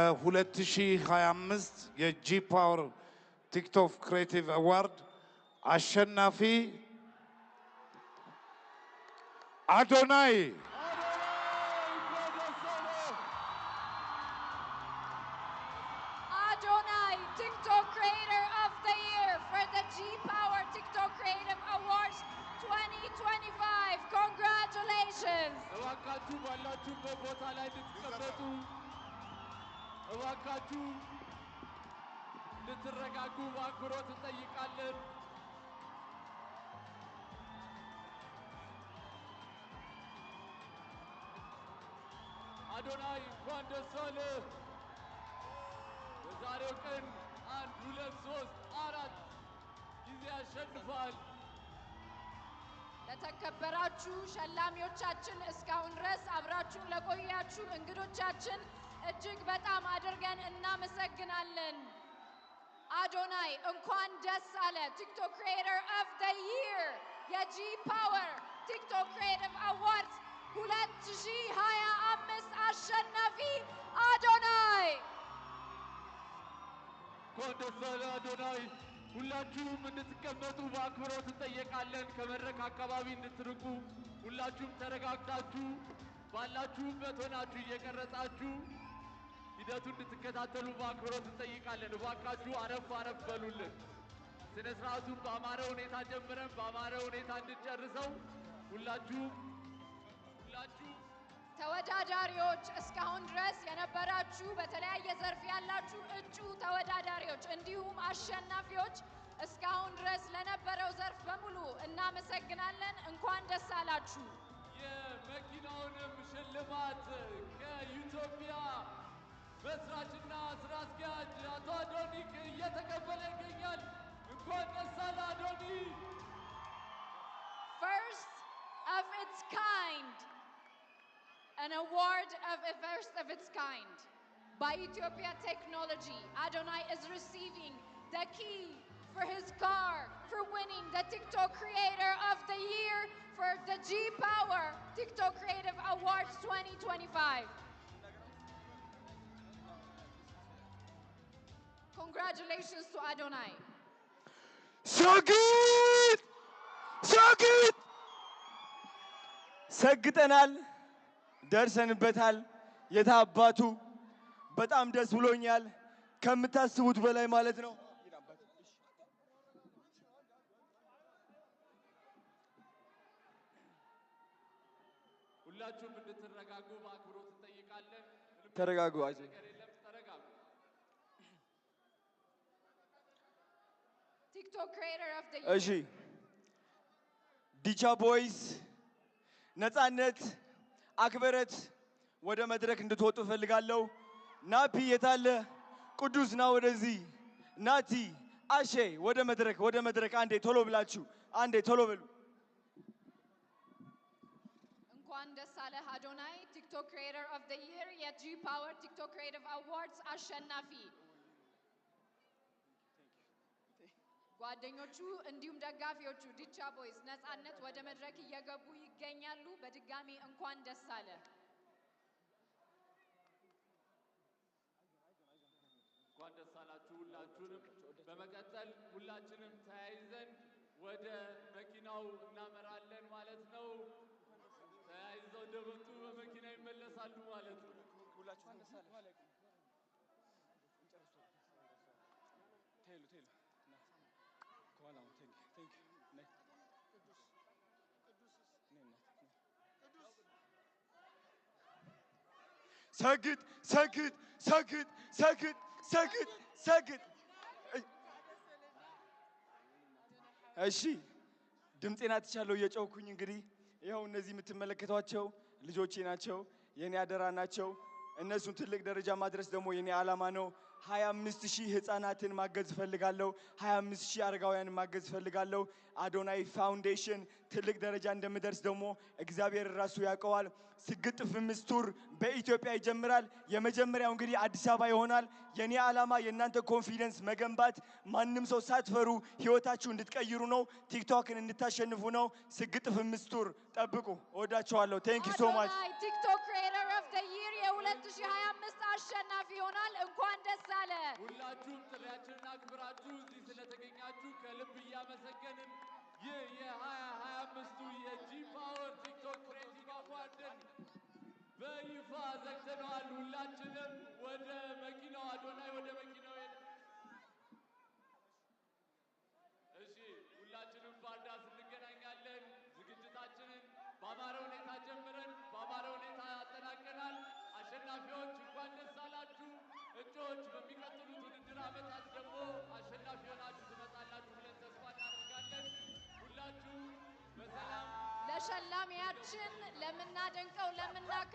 2025 የጂ ፓወር ቲክቶክ ክሬቲቭ አዋርድ አሸናፊ አዶናይ Adonai, TikTok Creator of the Year for the G Power TikTok Creative Awards 2025. Congratulations! እባካችሁ እንድትረጋጉ በአክብሮት እንጠይቃለን። አዶናይ እንኳን ደስ አለ በዛሬው ቀን አንድ ሁለት ሶስት አራት ጊዜ ያሸንፋል። ለተከበራችሁ ሸላሚዎቻችን፣ እስካሁን ድረስ አብራችሁን ለቆያችሁ እንግዶቻችን እጅግ በጣም አድርገን እናመሰግናለን። አዶናይ እንኳን ደስ አለ። ቲክቶክ ክሪኤተር ኦፍ ዘ ይር የጂ ፓወር ቲክቶክ ክሪኤቲቭ አዋርድስ 2025 አሸናፊ አዶናይ። እንኳን ደስ አለ አዶናይ። ሁላችሁም እንድትቀመጡ በአክብሮት እንጠየቃለን። ከመድረክ አካባቢ እንድትርቁ ሁላችሁም ተረጋግታችሁ ባላችሁበት ሆናችሁ እየቀረጻችሁ ሂደቱን እንድትከታተሉ በአክብሮት እንጠይቃለን። እባካችሁ አረፍ አረፍ በሉልን። ስነ ስርዓቱን በአማረ ሁኔታ ጀምረን በአማረ ሁኔታ እንድጨርሰው ሁላችሁ ሁላችሁ ተወዳዳሪዎች እስካሁን ድረስ የነበራችሁ በተለያየ ዘርፍ ያላችሁ እጩ ተወዳዳሪዎች እንዲሁም አሸናፊዎች እስካሁን ድረስ ለነበረው ዘርፍ በሙሉ እናመሰግናለን። እንኳን ደስ አላችሁ። የመኪናውንም ሽልማት ከኢትዮጵያ መስራችና ስራ አስኪያጅ አቶ እየተቀበለ ይገኛል። እንኳን ደስ አለ አዶኒ። First of its kind, an award of a first of its kind by Ethiopia Technology. Adonai is receiving the key for his car for winning the TikTok Creator of the Year for the G Power TikTok Creative Awards 2025. Congratulations to Adonai. ሾግት ሾግት ሰግጠናል፣ ደርሰንበታል። አባቱ በጣም ደስ ብሎኛል፣ ከምታስቡት በላይ ማለት ነው። ሁላችሁም እንድትረጋጉ በአክብሮት እንጠይቃለን። ተረጋጉ። እሺ ዲቻ ቦይስ ነፃነት አክበረት ወደ መድረክ እንድትወጡ እፈልጋለሁ። ናፒ የታለ? ቅዱስ ና ወደዚህ። ናቲ አሼ ወደ መድረክ ወደ መድረክ። አንዴ ቶሎ ብላችሁ አንዴ ቶሎ ብሉ። እንኳን ደስ አለህ አዶናይ ቲክቶክ ክሪኤተር ኦፍ ዘ ይር የጂ ፓወር ቲክቶክ ክሪኤቲቭ አዋርድስ አሸናፊ ጓደኞቹ እንዲሁም ደጋፊዎቹ ዲቻ ቦይስ ነፃነት ወደ መድረክ እየገቡ ይገኛሉ። በድጋሚ እንኳን ደስ አለ። እንኳን ደስ አላችሁ ሁላችሁንም። በመቀጠል ሁላችንም ተያይዘን ወደ መኪናው እናመራለን ማለት ነው። ተያይዘው ደበቱ በመኪና ይመለሳሉ ማለት ነው። ሰግጥ ሰግጥ ሰግጥ ሰግጥ ሰግጥ ሰግጥ። እሺ ድምፄን አጥቻለሁ እየጮኩኝ። እንግዲህ ይኸው እነዚህ የምትመለከቷቸው ልጆቼ ናቸው፣ የኔ አደራ ናቸው። እነሱን ትልቅ ደረጃ ማድረስ ደግሞ የኔ ዓላማ ነው። 25 ሺህ ህፃናትን ማገዝ እፈልጋለሁ። 25 ሺህ አረጋውያንን ማገዝ እፈልጋለሁ። አዶናይ ፋውንዴሽን ትልቅ ደረጃ እንደምደርስ ደግሞ እግዚአብሔር ራሱ ያውቀዋል። ስግጥ ፍምስ ቱር በኢትዮጵያ ይጀምራል። የመጀመሪያው እንግዲህ አዲስ አበባ ይሆናል። የኔ ዓላማ የእናንተ ኮንፊደንስ መገንባት፣ ማንም ሰው ሳትፈሩ ህይወታችሁ እንድትቀይሩ ነው። ቲክቶክን እንድታሸንፉ ነው። ስግጥ ፍምስ ቱር ጠብቁ። እወዳችኋለሁ። ቴንክ ዩ ሶ ማች ቲክቶክ የ2025 አሸናፊ ይሆናል። እንኳን ደስ አለ። ሁላችሁም ጥሪያችንን አክብራችሁ እዚህ ስለተገኛችሁ ከልብ እያመሰገንን ይህ የ2025ቱ የጂ ፓወር ቲክቶክ ክሬቲቭ አዋርድን በይፋ ዘግተነዋል። ሁላችንም ወደ መኪናው አዶናይ ወደ ተሳታፊዎች እንኳን ደስ አላችሁ። እጩዎች በሚቀጥሉት ውድድር ዓመታት ደግሞ አሸናፊ ሆናችሁ ትመጣላችሁ ብለን ተስፋ እናደርጋለን። ሁላችሁ በሰላም ለሸላሚያችን ለምናደንቀው ለምና